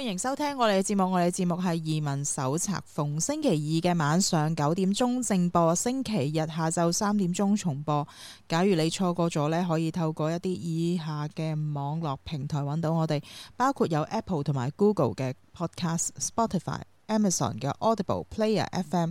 歡迎收聽我哋嘅節目，我哋嘅節目係移民手冊，逢星期二嘅晚上九點鐘正播，星期日下晝三點鐘重播。假如你錯過咗呢，可以透過一啲以下嘅網絡平台揾到我哋，包括有 Apple 同埋 Google 嘅 Podcast、Spotify、Amazon 嘅 Audible、Player FM。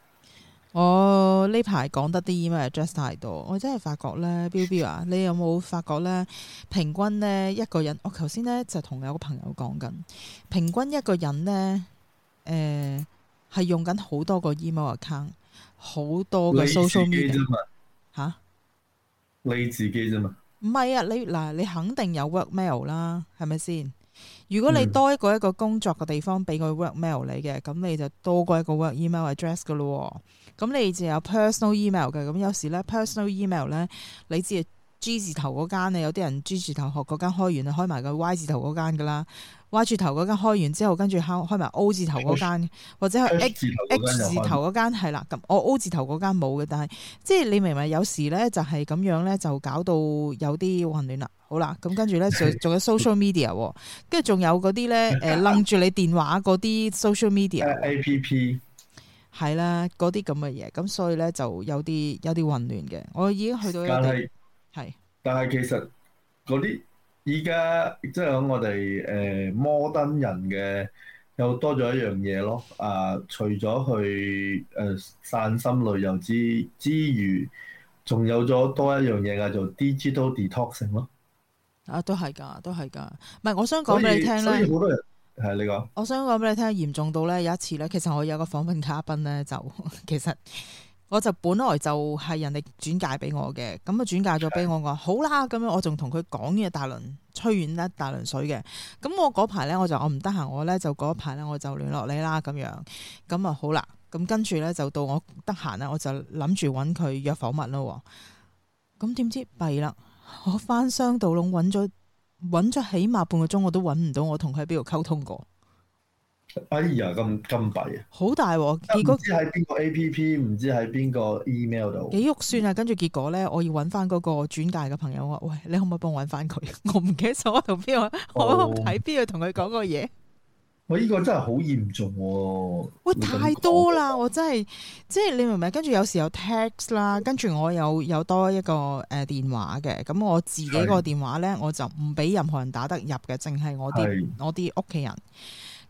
我呢排講得啲 email address 太多，我真係發覺咧，Bill Bill 啊，你有冇發覺咧？平均咧一個人，哦呢就是、我頭先咧就同我一個朋友講緊，平均一個人咧，誒、呃、係用緊好多個 email account，好多個 social media、啊。吓？你自己啫嘛？唔係啊，啊，你嗱，你肯定有 work mail 啦，係咪先？如果你多一個一個工作嘅地方俾個 work mail 你嘅，咁你就多過一個 work email address 㗎咯。咁你就有 personal email 嘅。咁有時咧 personal email 咧，你知 G 字頭嗰間咧，有啲人 G 字頭學嗰間開完開埋個 Y 字頭嗰間㗎啦。住字頭嗰間開完之後，跟住開開埋 O 字頭嗰間，H, 或者係 X X 字頭嗰間，間，係啦。咁、嗯、我 O 字頭嗰間冇嘅，但係即係你明唔明？有時咧就係、是、咁樣咧，就搞到有啲混亂啦。好啦，咁跟住咧就仲有 social media，跟住仲有嗰啲咧誒，楞、呃、住你電話嗰啲 social media app，係啦，嗰啲咁嘅嘢。咁所以咧就有啲有啲混亂嘅。我已經去到，但係是是但係其實啲。 依家即係講我哋誒摩登人嘅又多咗一樣嘢咯，啊除咗去誒散心旅遊之之餘，仲有咗多一樣嘢叫做 digital detoxing 咯。啊，都係噶，都係噶，唔係我想講俾你聽咧。所以好多人係你講。我想講俾你，你，你聽，嚴重到咧有一次咧，其實我有個訪問嘉賓咧，就其實。我就本來就係人哋轉介俾我嘅，咁啊轉介咗俾我，我話好啦，咁樣我仲同佢講嘅大輪吹完一大輪水嘅，咁我嗰排咧我就我唔得閒，我咧就嗰排咧我就聯絡你啦，咁樣，咁啊好啦，咁跟住咧就到我得閒咧，我就諗住揾佢約訪問咯，咁點知弊啦？我翻箱倒籠揾咗揾咗起碼半個鐘，我都揾唔到我同佢喺邊度溝通過。哎呀，咁金幣啊，好大喎！結果知喺邊個 A P P，唔知喺邊個 email 度，幾肉酸啊！跟住結果咧，APP, 果我要揾翻嗰個轉介嘅朋友，我喂，你可唔可以幫我揾翻佢？ 我唔記得咗同邊個，哦、我睇邊個同佢講個嘢。我呢、啊欸這個真係好嚴重、啊，喂，太多啦！我真係，即係你明唔明？跟住有時有 text 啦，跟住我有有多一個誒電話嘅，咁我自己個電話咧，是我就唔俾任何人打得入嘅，淨係我啲是是我啲屋企人。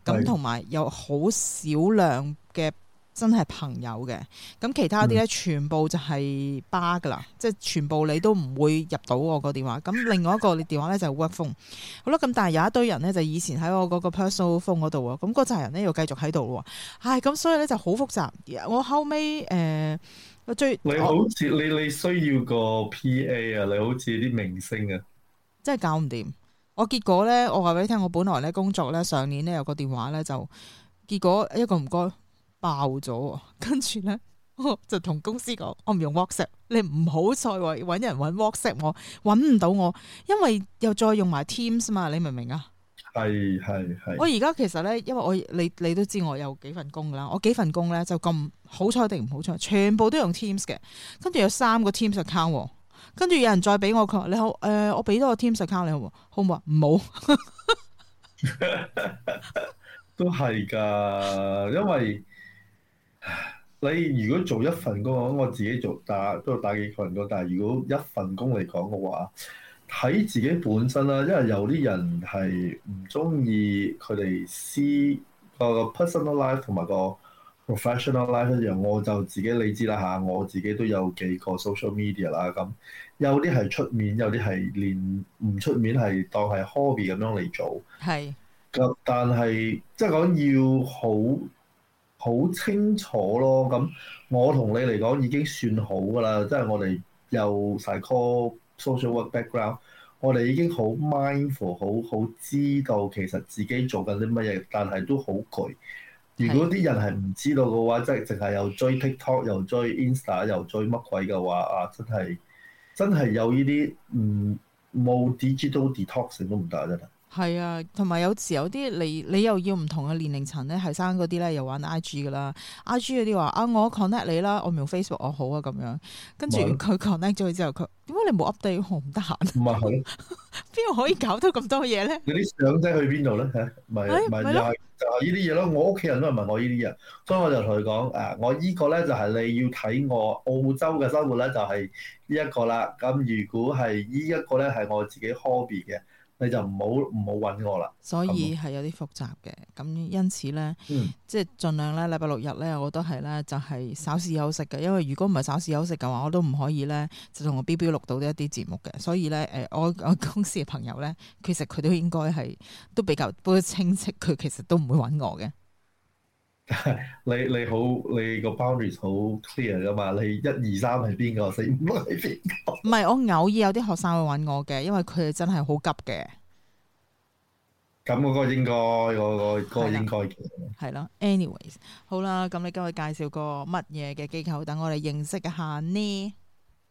咁同埋有好少量嘅真係朋友嘅，咁其他啲咧、嗯、全部就係巴噶啦，即、就、係、是、全部你都唔會入到我個電話。咁另外一個你電話咧就 work phone， 好啦。咁但係有一堆人咧就以前喺我嗰個 personal phone 嗰度啊，咁嗰扎人咧又繼續喺度喎。唉，咁所以咧就好複雜。我後尾，誒、呃，最你好似你我你需要個 PA 啊，你好似啲明星啊，真係搞唔掂。我結果咧，我話俾你聽，我本來咧工作咧上年咧有個電話咧就結果一個唔該爆咗喎，跟住咧就同公司講，我唔用 WhatsApp，你唔好再搵人搵 WhatsApp 我，搵唔到我，因為又再用埋 Teams 嘛，你明唔明啊？係係係，我而家其實咧，因為我你你都知我有幾份工噶啦，我幾份工咧就咁好彩定唔好彩，全部都用 Teams 嘅，跟住有三個 Teams account 喎。跟住有人再俾我講，你好，誒、呃，我俾多個 Teams account 你好，好唔好啊？唔好， 都係噶，因為你如果做一份工，我自己做打都打幾份工，但係如果一份工嚟講嘅話，睇自己本身啦，因為有啲人係唔中意佢哋私個 personal life 同埋個。professional life 一樣，我就自己你知啦嚇，我自己都有幾個 social media 啦，咁有啲係出面，有啲係連唔出面係當係 hobby 咁樣嚟做。係是。咁但係即係講要好好清楚咯。咁我同你嚟講已經算好㗎啦。即係我哋有 psychology、social work background，我哋已經好 mindful，好好知道其實自己做緊啲乜嘢，但係都好攰。如果啲人係唔知道嘅話，即係淨係又追 TikTok，又追 Insta，又追乜鬼嘅話啊，真係真係有呢啲唔，冇 digital detox 都唔得，真係。係啊，同埋有時有啲你你又要唔同嘅年齡層咧，後生嗰啲咧又玩 IG 㗎喇，IG 嗰啲話啊我 connect 你啦，我唔用 Facebook 我好啊咁樣，跟住佢 connect 咗佢之後，佢點解你冇 update 我唔得閒，唔係好邊度可以搞到咁多嘢咧？有啲相仔去邊度咧嚇？咪、哎、咪、哎、就係呢啲嘢咯。我屋企人都問我呢啲嘢，所以我就同佢講誒，我依個咧就係你要睇我澳洲嘅生活咧，就係呢一個啦。咁如果係依一個咧係我自己的 hobby 嘅。你就唔好唔好揾我啦，所以係有啲複雜嘅，咁因此咧，嗯、即係儘量咧，禮拜六日咧，我都係咧，就係、是、稍事休息嘅，因為如果唔係稍事休息嘅話，我都唔可以咧，就同我 B B 錄到呢一啲節目嘅，所以咧，誒，我我公司嘅朋友咧，其實佢都應該係都比較比較清晰，佢其實都唔會揾我嘅。你你好，你個 boundary 好 clear 噶嘛？你一二三係邊個，四五六係邊個？唔係，我偶爾有啲學生會搵我嘅，因為佢哋真係好急嘅。咁嗰個應該，嗰、嗰個嗰個應該嘅。係咯，anyways，好啦，咁你今日介紹個乜嘢嘅機構等我哋認識一下呢？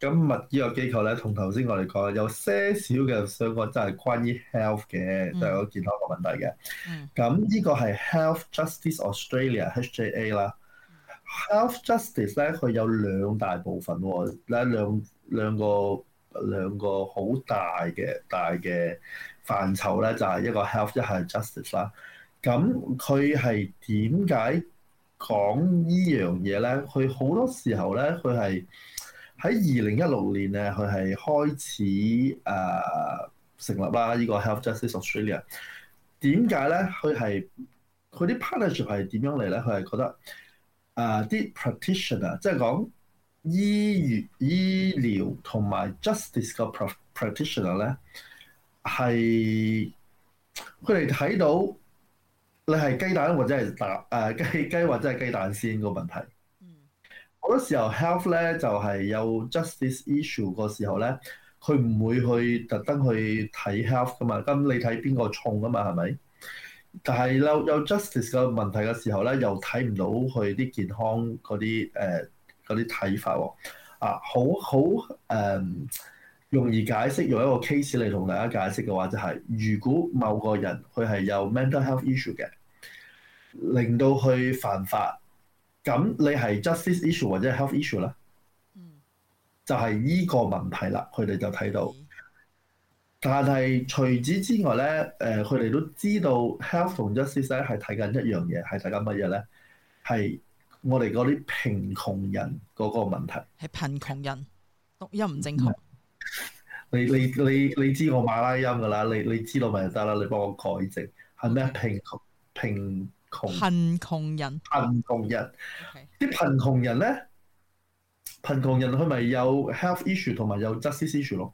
今日呢個機構咧，同頭先我哋講有些少嘅相關，真係關於 health 嘅，就係個健康個問題嘅。咁呢、嗯、個係 He、JA 嗯、Health Justice Australia（HJA） 啦。Health Justice 咧，佢有兩大部分喎、哦，咧兩兩個兩個好大嘅大嘅範疇咧，就係、是、一個 health，一係 justice 啦。咁佢係點解講呢樣嘢咧？佢好多時候咧，佢係。喺二零一六年咧，佢係開始誒、呃、成立啦。呢個 Health Justice Australia 點解咧？佢係佢啲 partnership 係點樣嚟咧？佢係覺得誒啲、呃、practitioner，即係講醫藥醫療同埋 justice 個 practitioner 咧，係佢哋睇到你係雞蛋或者係蛋誒雞雞或者係雞蛋先個問題。好多時候 health 咧就係有 justice issue 個時候咧，佢唔、就是、會去特登去睇 health 噶嘛，咁你睇邊個重啊嘛，係咪？但係有有 justice 個問題嘅時候咧，又睇唔到佢啲健康嗰啲誒啲睇法喎，啊好好誒，um, 容易解釋用一個 case 嚟同大家解釋嘅話就係、是，如果某個人佢係有 mental health issue 嘅，令到佢犯法。咁你係 justice issue 或者 health issue 啦，嗯、就係依個問題啦。佢哋就睇到，嗯、但係除此之外咧，誒、呃，佢哋都知道 health 同 justice 咧係睇緊一樣嘢，係睇緊乜嘢咧？係我哋嗰啲貧窮人嗰個問題。係貧窮人，讀音唔正確。 你你你你知我馬拉音噶啦，你你知道咪得啦？你幫我改正係咩貧窮貧？貧貧窮窮人，貧窮人，啲貧窮人咧，貧窮人佢咪有 health issue 同埋有 justice issue 咯，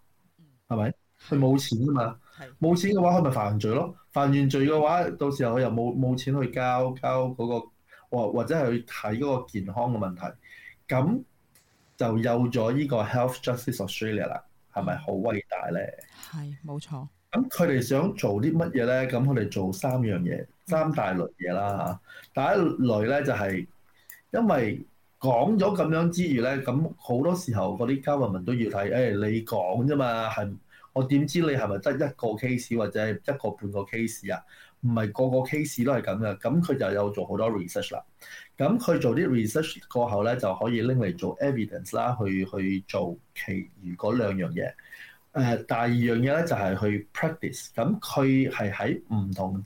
係咪、嗯？佢冇吧錢啊嘛，冇的錢嘅話佢咪犯罪咯，犯完罪嘅話，到時候佢又冇冇錢去交交嗰、那個或或者係去睇嗰個健康嘅問題，咁就有咗呢個 Health Justice Australia 啦，係咪好偉大咧？係，冇錯。咁佢哋想做啲乜嘢咧？咁佢哋做三樣嘢。三大類嘢啦嚇，第一類咧就係因為講咗咁樣之餘咧，咁好多時候嗰啲交運民都要睇，誒、哎、你講啫嘛，係我點知你係咪得一個 case 或者一個半個 case 啊？唔係個個 case 都係咁嘅，咁佢就有做好多 research 啦。咁佢做啲 research 過後咧，就可以拎嚟做 evidence 啦，去去做其餘嗰兩樣嘢。誒，第二樣嘢咧就係去 practice，咁佢係喺唔同。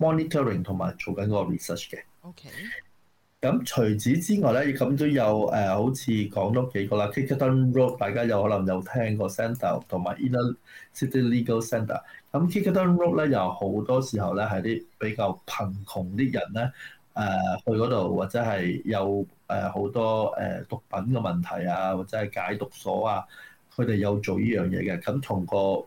monitoring 同埋做緊個 research 嘅。OK。咁除此之外咧，亦咁都有誒、呃，好似講咗幾個啦。Kirketon Road，大家有可能有聽過 Centre，同埋 Inner City Legal Centre。咁 Kirketon Road 咧，有好多時候咧係啲比較貧窮啲人咧，誒、呃、去嗰度或者係有誒好、呃、多誒、呃、毒品嘅問題啊，或者係解毒所啊，佢哋有做呢樣嘢嘅。咁同個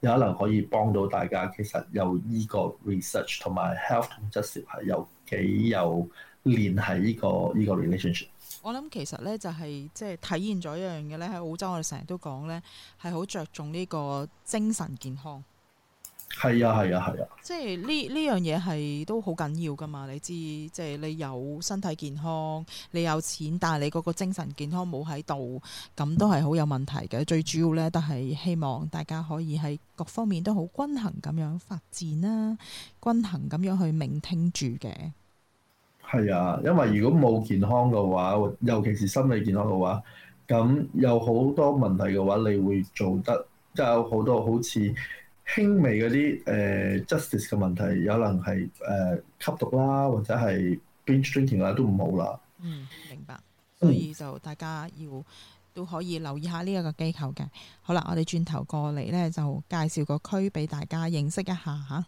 有可能可以幫到大家。其實有依個 research 同埋 Health Justice，係有幾有連係呢、依個依、依個 relationship。我諗其實咧就係即係體現咗一樣嘢。咧喺澳洲，我哋成日都講咧，係好着重呢個精神健康。係啊係啊係啊！啊啊即係呢呢樣嘢，係都好緊要噶嘛，你知即係、就是、你有身體健康，你有錢，但係你嗰個精神健康冇喺度，咁都係好有問題嘅。最主要咧，都係希望大家可以喺各方面都好均衡咁樣發展啦，均衡咁樣去聆聽住嘅。係啊，因為如果冇健康嘅話，尤其是心理健康嘅話，咁有好多問題嘅話，你會做得即係有好多好似。輕微嗰啲誒 justice 嘅問題，有可能係誒、呃、吸毒啦，或者係 binge drinking 啦，都唔好啦。嗯，明白。所以就大家要都可以留意下呢一個機構嘅。好啦，我哋轉頭過嚟咧，就介紹個區俾大家認識一下嚇。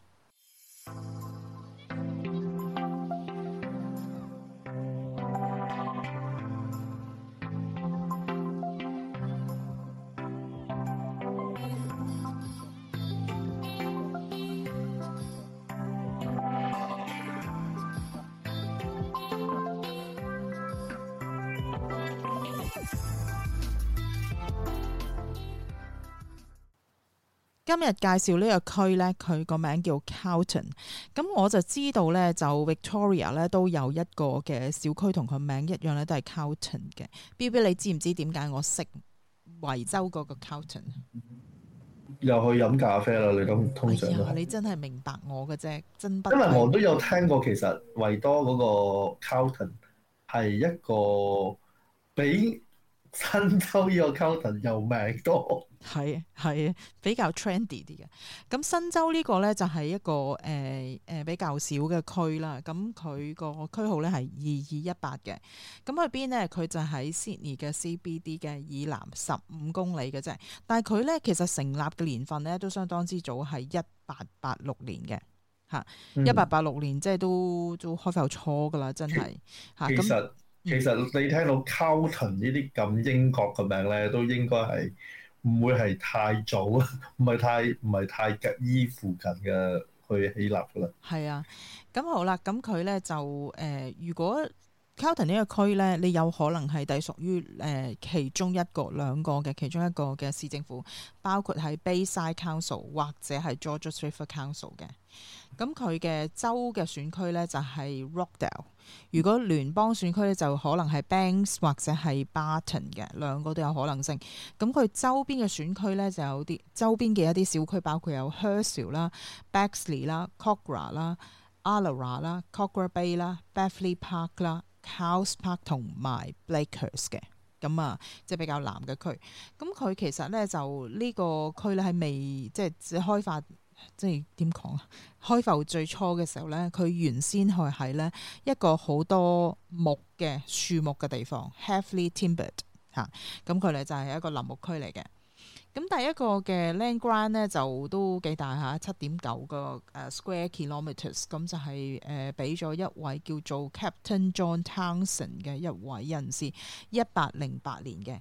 今日介紹呢個區咧，佢個名叫 Carlton。咁、嗯、我就知道咧，就 Victoria 咧都有一個嘅小區同佢名一樣咧，都係 Carlton 嘅。Bill Bill，你知唔知點解我識維州嗰個 Carlton？又去飲咖啡啦！你咁通常、哎、你真係明白我嘅啫，真不因為我都有聽過，其實維多嗰個 Carlton 係一個比新州呢個 Carlton 又名多。係啊，係啊，比較 trendy 啲嘅。咁新州呢個咧就係一個誒誒、呃呃、比較少嘅區啦。咁佢個區號咧係二二一八嘅。咁喺邊咧？佢就喺 Sydney 嘅 CBD 嘅以南十五公里嘅啫。但係佢咧其實成立嘅年份咧都相當之早，係一八八六年嘅吓。一八八六年即係都都開埠初噶啦，真係吓。其實那其實你聽到 Carlton 呢啲咁英國嘅名咧，都應該係。唔會係太早啊！唔 係太唔係太拮依附近嘅去起立㗎啦。係啊，咁好啦，咁佢咧就誒、呃，如果 Carlton 呢個區咧，你有可能係隸屬於誒其中一個兩個嘅其中一個嘅市政府，包括喺 Bayside Council 或者係 Georges River Council 嘅。咁佢嘅州嘅選區咧就係、是、Rockdale。如果聯邦選區咧就可能係 Banks 或者係 Barton 嘅，兩個都有可能性。咁佢周邊嘅選區咧就有啲周邊嘅一啲小區，包括有 Hurstville 啦、Bexley 啦、Kogarah 啦、Allawah 啦、Kogarah Bay 啦、Beverley Park 啦、Carss Park 同埋 Blakehurst 嘅。咁啊，即係比較南嘅區。咁佢其實咧就呢個區咧係未即係未開發。即係點講啊？開埠最初嘅時候咧，佢原先係喺咧一個好多木嘅樹木嘅地方，heavily timbered 嚇。咁佢咧就係一個林木區嚟嘅。咁第一個嘅 land ground 咧就都幾大嚇，七點九個誒 square kilometers，咁就係誒俾咗一位叫做 Captain John Townsend 嘅一位人士，一八零八年嘅。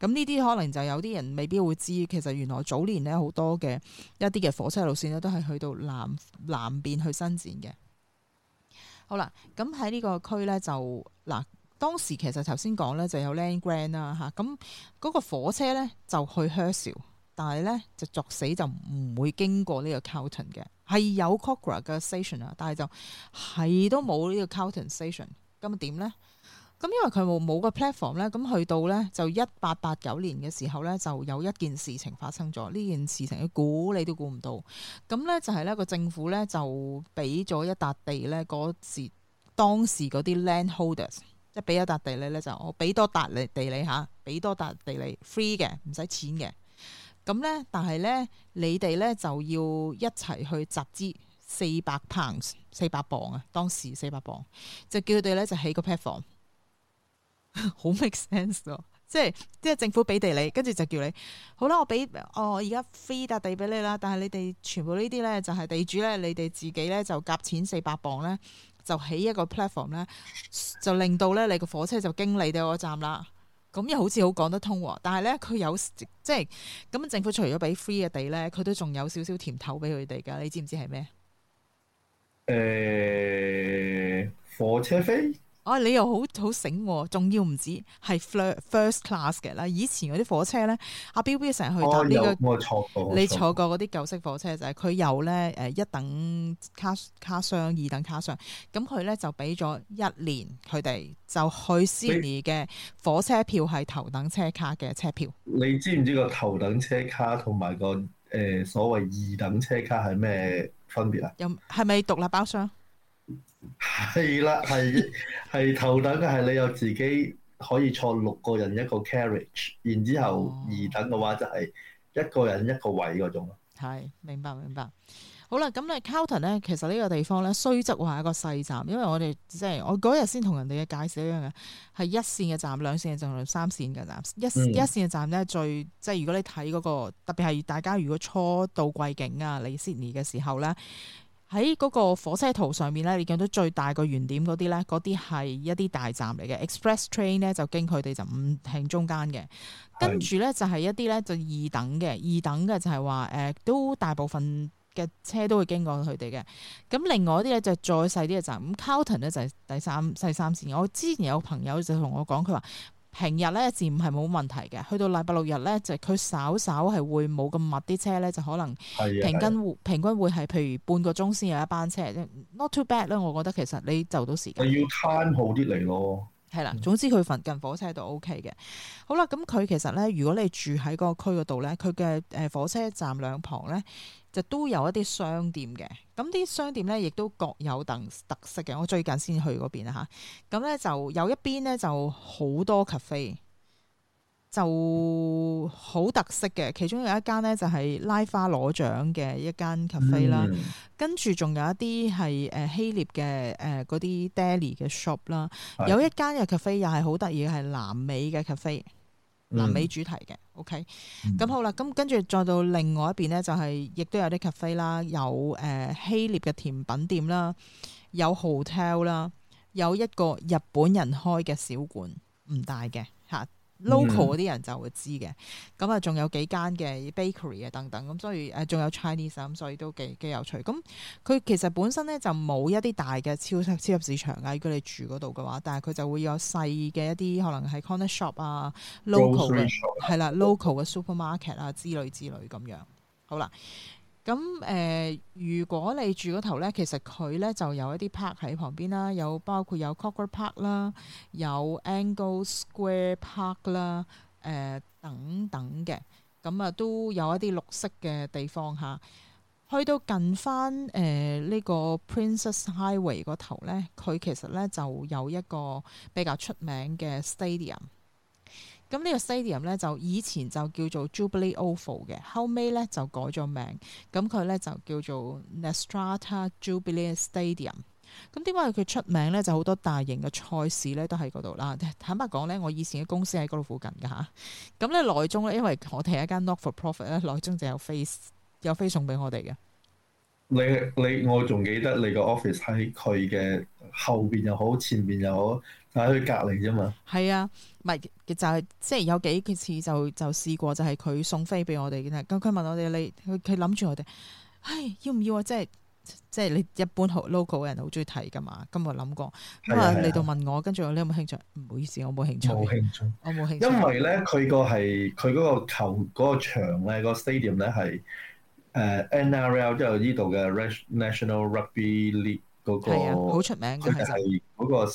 咁呢啲可能就有啲人未必會知，其實原來早年咧好多嘅一啲嘅火車路線咧都係去到南南邊去伸展嘅。好啦，咁喺呢個區咧就嗱，當時其實頭先講咧就有 Land Grand 啦、啊、嚇，咁、那、嗰個火車咧就去 Hurstville 但係咧就作死就唔會經過呢個 Carlton 嘅，係有 Kogarah 嘅 station 啦，但係就係都冇呢個 Carlton station，咁點咧？咁因為佢冇冇個 platform 咧，咁去到咧就一八八九年嘅時候咧，就有一件事情發生咗。呢件事情，你估你都估唔到。咁咧就係咧個政府咧就俾咗一笪地咧，嗰時當時嗰啲 landholders，即係俾一笪地，就多一笪地，啊，多一笪地呢你咧就我俾多笪你地你嚇，俾多笪地你 free 嘅唔使錢嘅。咁咧但係咧你哋咧就要一齊去集資四百 pounds 四百磅啊，當時四百磅就叫佢哋咧就起個 platform。好 make sense 咯，即係即係政府俾地你，跟住就叫你，好啦，我俾哦而家 free 笪地俾你啦，但係你哋全部呢啲咧就係、是、地主咧，你哋自己咧就夾錢四百磅咧，就起一個 platform 咧，就令到咧你個火車就經你哋個站啦，咁又好似好講得通，啊，但係咧佢有即係咁，政府除咗俾 free 嘅地咧，佢都仲有少少甜頭俾佢哋噶，你知唔知係咩？誒、欸，火車飛？啊、哎！你又好好醒，仲、啊、要唔止係 first class 嘅啦。以前嗰啲火車咧，阿 Bill Bill 成日去搭呢、這個，哦、坐過你坐過嗰啲舊式火車就係、是、佢有咧誒一等卡卡箱、二等卡箱，咁佢咧就俾咗一年佢哋就去悉尼嘅火車票係頭等車卡嘅車票。你知唔知個頭等車卡同埋、那個誒、呃、所謂二等車卡係咩分別啊？有係咪獨立包廂？係啦，係係頭等嘅係 你有自己可以坐六個人一個 carriage，然之後二等嘅話就係一個人一個位嗰種咯。係、哦，明白明白。好啦，咁你 Carlton 咧，其實呢個地方咧雖則話係一個細站，因為我哋即係我嗰日先同人哋嘅解釋一樣嘅，係一綫嘅站，站、兩綫嘅站、三綫嘅站，一、嗯、一綫嘅站咧最即係如果你睇嗰、那個特別係大家如果初到貴景啊嚟 Sydney 嘅時候咧。喺嗰個火車圖上面咧，你見到最大個圓點嗰啲咧，嗰啲係一啲大站嚟嘅。Express train 咧就經佢哋就唔停中間嘅，跟住咧就係、是、一啲咧就二等嘅，二等嘅就係話誒都大部分嘅車都會經過佢哋嘅。咁另外啲咧就係、再細啲嘅站，咁 Carlton 咧就係、是、第三細三線。我之前有朋友就同我講，佢話。平日咧，一至五係冇問題嘅。去到禮拜六日咧，就佢稍稍係會冇咁密啲車咧，就可能平均的平均會係譬如半個鐘先有一班車。即係 Not too bad 咧，我覺得其實你就到時間。你要攤好啲嚟咯。係啦，總之佢附近火車度 OK 嘅，好啦，咁佢其實咧，如果你住喺嗰個區嗰度咧，佢嘅誒火車站兩旁咧，就都有一啲商店嘅，咁啲商店咧亦都各有特特色嘅。我最近先去嗰邊啊吓，咁咧就有一邊咧就好多 cafe。就好特色嘅，其中有一間咧就係拉花攞獎嘅一間 cafe 啦，跟住仲有一啲係誒希臘嘅誒嗰啲 daily 嘅 shop 啦，有一間嘅 cafe 又係好得意嘅，係南美嘅 cafe、嗯、南美主題嘅。OK，咁、嗯、好啦，咁跟住再到另外一邊咧、就是，就係亦都有啲 cafe 啦，有誒希臘嘅甜品店啦，有 hotel 啦，有一個日本人開嘅小館，唔大嘅嚇。local 嗰啲人就會知嘅，咁啊仲有幾間嘅 bakery 啊等等，咁所以誒仲、呃、有 Chinese 咁，所以都幾幾有趣。咁佢其實本身咧就冇一啲大嘅超級超級市場啊，如果你住嗰度嘅話，但係佢就會有細嘅一啲可能係 corner shop 啊，local 係啦，local 嘅 supermarket 啊之類之類咁樣。好啦。咁誒、呃，如果你住嗰頭咧，其實佢咧就有一啲 park 喺旁邊啦，有包括有 Cocker Park 啦，有 Angle Square Park 啦、呃，誒等等嘅咁啊，都有一啲綠色嘅地方嚇。去到近翻誒呢個 Princess Highway 嗰頭咧，佢其實咧就有一個比較出名嘅 Stadium。咁呢個 stadium 咧就以前就叫做 Jubilee Oval 嘅，後尾咧就改咗名，咁佢咧就叫做 Netstrata Jubilee Stadium。咁點解佢出名咧？就好多大型嘅賽事咧都喺嗰度啦。坦白講咧，我以前嘅公司喺嗰度附近嘅嚇。咁咧內中咧，因為我哋係一間 not for profit 咧，內中就有 face 有飛送俾我哋嘅。你你我仲記得你個 office 喺佢嘅後邊又好，前面又好。喺佢隔離啫嘛，係啊，咪就係即係有幾次就就試過，就係佢送飛俾我哋嘅啦。咁佢問我哋你佢佢諗住我哋，唉，要唔要啊？即係即係你一般 local 嘅人好中意睇噶嘛。咁我諗過咁啊你度問我，跟住我你有冇興趣？唔好意思，我冇興趣。冇興趣，我冇興趣。因為咧，佢個係佢嗰個球嗰個場咧，個 stadium 咧係誒 NRL 即係呢度嘅 National Rugby League 嗰個係啊，好出名嘅係嗰個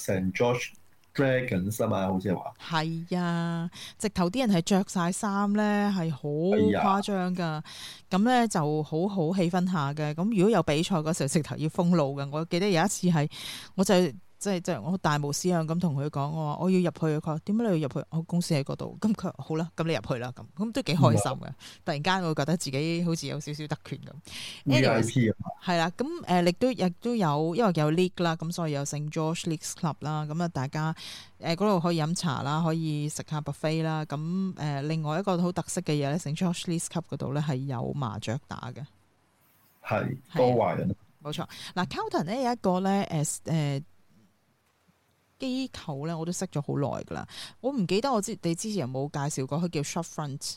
dragon 衫啊，好似話係啊，直頭啲人係着晒衫咧，係好誇張㗎，咁咧、哎、呀就好好氣氛下嘅，咁如果有比賽嗰時候，直頭要封路㗎，我記得有一次係，我就。即係即係我好大無思向咁同佢講，我話我要入去。佢話點解你要入去？我公司喺嗰度。咁佢話好啦，咁你入去啦。咁咁都幾開心嘅。是突然間我覺得自己好似有少少特權咁。E I P 啊，係啦、啊。咁誒亦都亦都有，因為有 league 啦，咁所以有 St George Leagues Club 啦。咁啊，大家誒嗰度可以飲茶啦，可以食下 buffet 啦。咁、啊、誒，另外一個好特色嘅嘢咧，St George Leagues Club 嗰度咧係有麻雀打嘅。係多壞人。冇、啊、錯。嗱，Carlton 咧有一個咧，as 誒。啊啊呃機構咧，我都識咗好耐㗎啦，我唔記得我之你之前有冇介紹過，佢叫 Shopfront。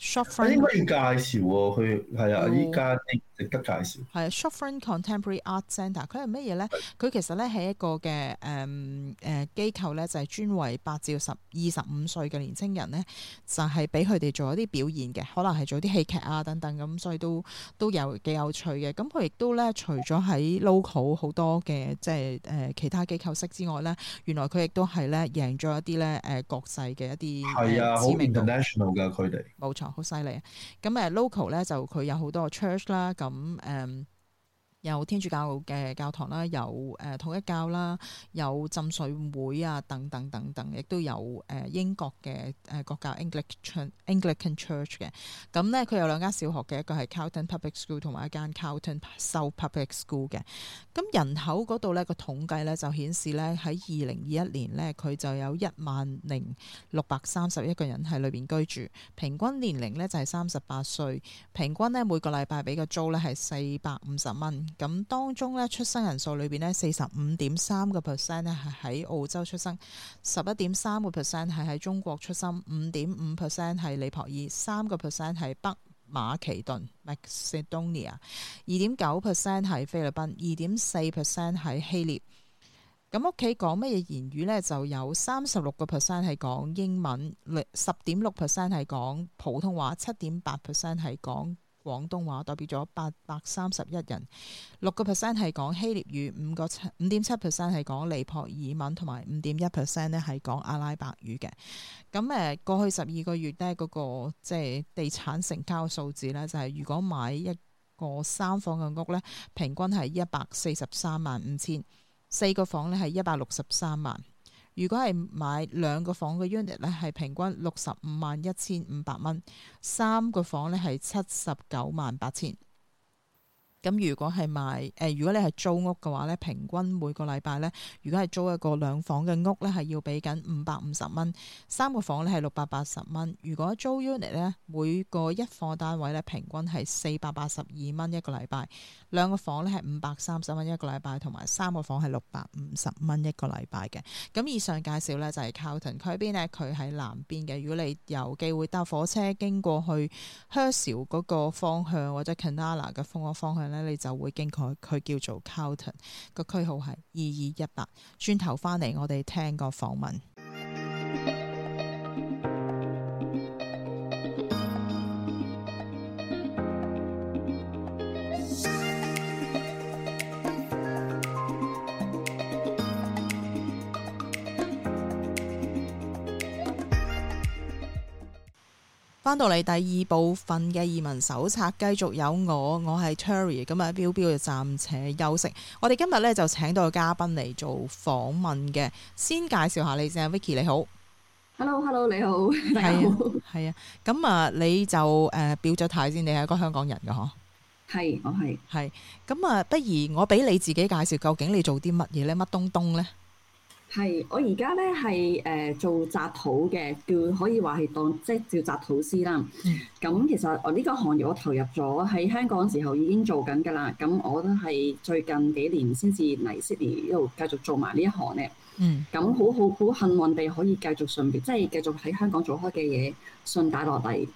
Shuffren 應該要介紹喎，佢係啊，依家啲值得介紹。係啊、哦、Shopfront Contemporary Art Centre，佢係乜嘢咧？佢是其實咧係一個嘅誒誒機構咧，就係專為八至十二十五歲嘅年青人咧，就係俾佢哋做一啲表現嘅，可能係做啲戲劇啊等等咁，所以都都有幾有趣嘅。咁佢亦都咧除咗喺 local 好多嘅即係誒其他機構識之外咧，原來佢亦都係咧贏咗一啲咧誒國際嘅一啲係啊，好 international 噶佢哋。冇錯，好犀利啊！咁誒，local 咧就佢有好多 church 啦，咁誒。嗯有天主教嘅教堂啦，有誒統一教啦，有浸水會啊，等等等等，亦都有誒英國嘅誒國教 English Church 嘅。咁咧，佢有兩間小學嘅，一個係 Carlton Public School，同埋一間 Carlton South Public School 嘅。咁人口嗰度咧，個統計咧就顯示咧，喺二零二一年咧，佢就有一萬零六百三十一個人喺裏邊居住，平均年齡咧就係三十八歲，平均咧每個禮拜俾個租咧係四百五十蚊。咁當中咧出生人數裏邊咧，四十五點三個 percent 咧係喺澳洲出生，十一點三個 percent 係喺中國出生，五點五 percent 係尼泊爾，三個 percent 係北馬其頓 （Macedonia），二點九 percent 係菲律賓，二點四 percent 係希臘。咁屋企講乜嘢言語咧？就有三十六個 percent 係講英文，十點六 percent 係講普通話，七點八 percent 係講廣東話代表咗八百三十一人，六個 percent 係講希臘語，五個五點七 percent 係講尼泊爾文，同埋五點一 percent 咧係講阿拉伯語嘅。咁誒過去十二個月咧嗰個即係地產成交數字咧，就係如果買一個三房嘅屋咧，平均係一百四十三萬五千，四個房咧係一百六十三萬。如果係買兩個房嘅 unit 咧，係平均六十五萬一千五百蚊，三個房咧係七十九萬八千。咁如果係買誒、呃，如果你係租屋嘅話咧，平均每個禮拜咧，如果係租一個兩房嘅屋咧，係要俾緊五百五十蚊，三個房咧係六百八十蚊。如果租 unit 咧，每個一房單位咧，平均係四百八十二蚊一個禮拜。兩個房咧係五百三十蚊一個禮拜，同埋三個房係六百五十蚊一個禮拜嘅。咁以上介紹咧就係 Carlton。佢邊咧，佢喺南邊嘅。如果你有機會搭火車經過去 Hurstville 嗰個方向，或者 Canala 嘅風箏方向咧，你就會經過佢。佢叫做 Carlton，個區號係二二一八。轉頭翻嚟，我哋聽個訪問。翻到嚟第二部分嘅移民手冊，繼續有我，我係 Tury，咁啊 Bill Bill 就暫且休息。我哋今日咧就請到個嘉賓嚟做訪問嘅，先介紹下你先，Vicky，你好，Hello Hello 你好，係係啊，咁啊，啊你就誒表咗態先，你係一個香港人噶嗬，係我係係，咁啊，不如我俾你自己介紹，究竟你做啲乜嘢咧，乜東東咧？係，我而家咧係誒做紮肚嘅，叫可以話係當即係叫紮肚師啦。咁、嗯、其實我呢個行業我投入咗，喺香港時候已經做緊㗎啦。咁我都係最近幾年先至嚟悉尼，一路繼續做埋呢一行咧。咁、嗯、好好好幸運地可以繼續順便，即係繼續喺香港做開嘅嘢，順帶落嚟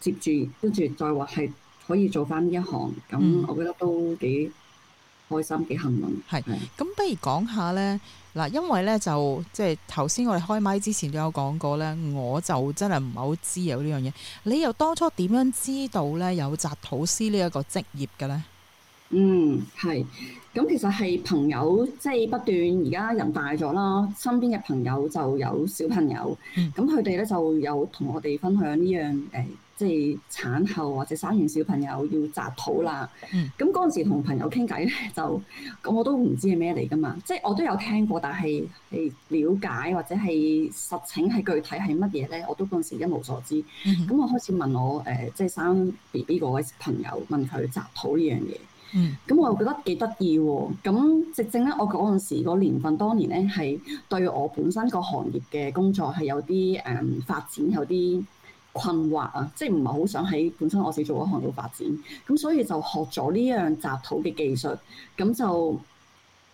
接住跟住再話係可以做翻呢一行。咁我覺得都幾開心，幾幸運。係、嗯，咁是不如講下咧。嗱，因為咧就即係頭先我哋開麥之前都有講過咧，我就真係唔係好知有呢樣嘢。你又當初點樣知道咧有紮肚師呢一個職業嘅咧？嗯，係。咁其實係朋友即係不斷，而家人大咗啦，身邊嘅朋友就有小朋友，咁佢哋咧就有同我哋分享呢樣誒。即係產後或者生完小、嗯、朋友要紮肚啦，咁嗰陣時同朋友傾偈咧，就我都唔知係咩嚟噶嘛，即係我都有聽過，但係係瞭解或者係實情係具體係乜嘢咧，我都嗰陣時一無所知。咁、嗯、我開始問我誒、呃、即係生 B B 嗰位朋友問佢紮肚呢樣嘢，咁、嗯、我又覺得幾得意喎。咁直正咧，我嗰陣時嗰年份，當年咧係對我本身個行業嘅工作係有啲誒、嗯、發展有，有啲，困惑啊，即係唔係好想喺本身我自己做嗰行度發展，咁所以就學咗呢樣紮肚嘅技術，咁就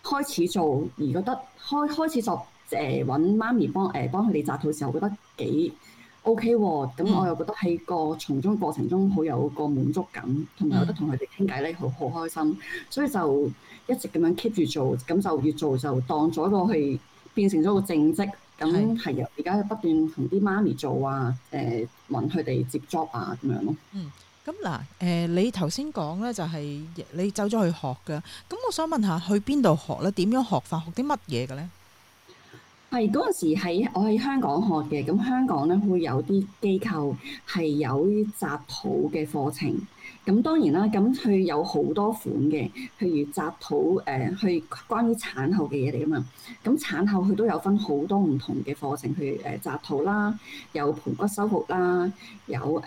開始做，而覺得開開始就誒揾媽咪幫誒幫佢哋紮肚嘅時候，覺得幾 OK 喎，咁啊，我又覺得喺個從中過程中好有個滿足感，同埋覺得同佢哋傾偈咧好好開心，所以就一直咁樣 keep 住做，咁就越做就當咗一個係變成咗個正職。咁係啊！而家不斷同啲媽咪做啊，誒、呃，問佢哋接 j o 啊，咁樣咯。嗯，咁嗱，誒、呃，你頭先講咧，就係你走咗去學嘅。咁我想問下去，去邊度學咧？點樣學法？學啲乜嘢嘅咧？係嗰陣時係我喺香港學嘅。咁香港咧會有啲機構係有啲集體嘅課程。咁當然啦，咁佢有好多款嘅，譬如紮肚誒，去、呃、關於產後嘅嘢嚟啊嘛。咁產後佢都有分好多唔同嘅課程，譬如誒紮肚啦，有盆骨修復啦，有誒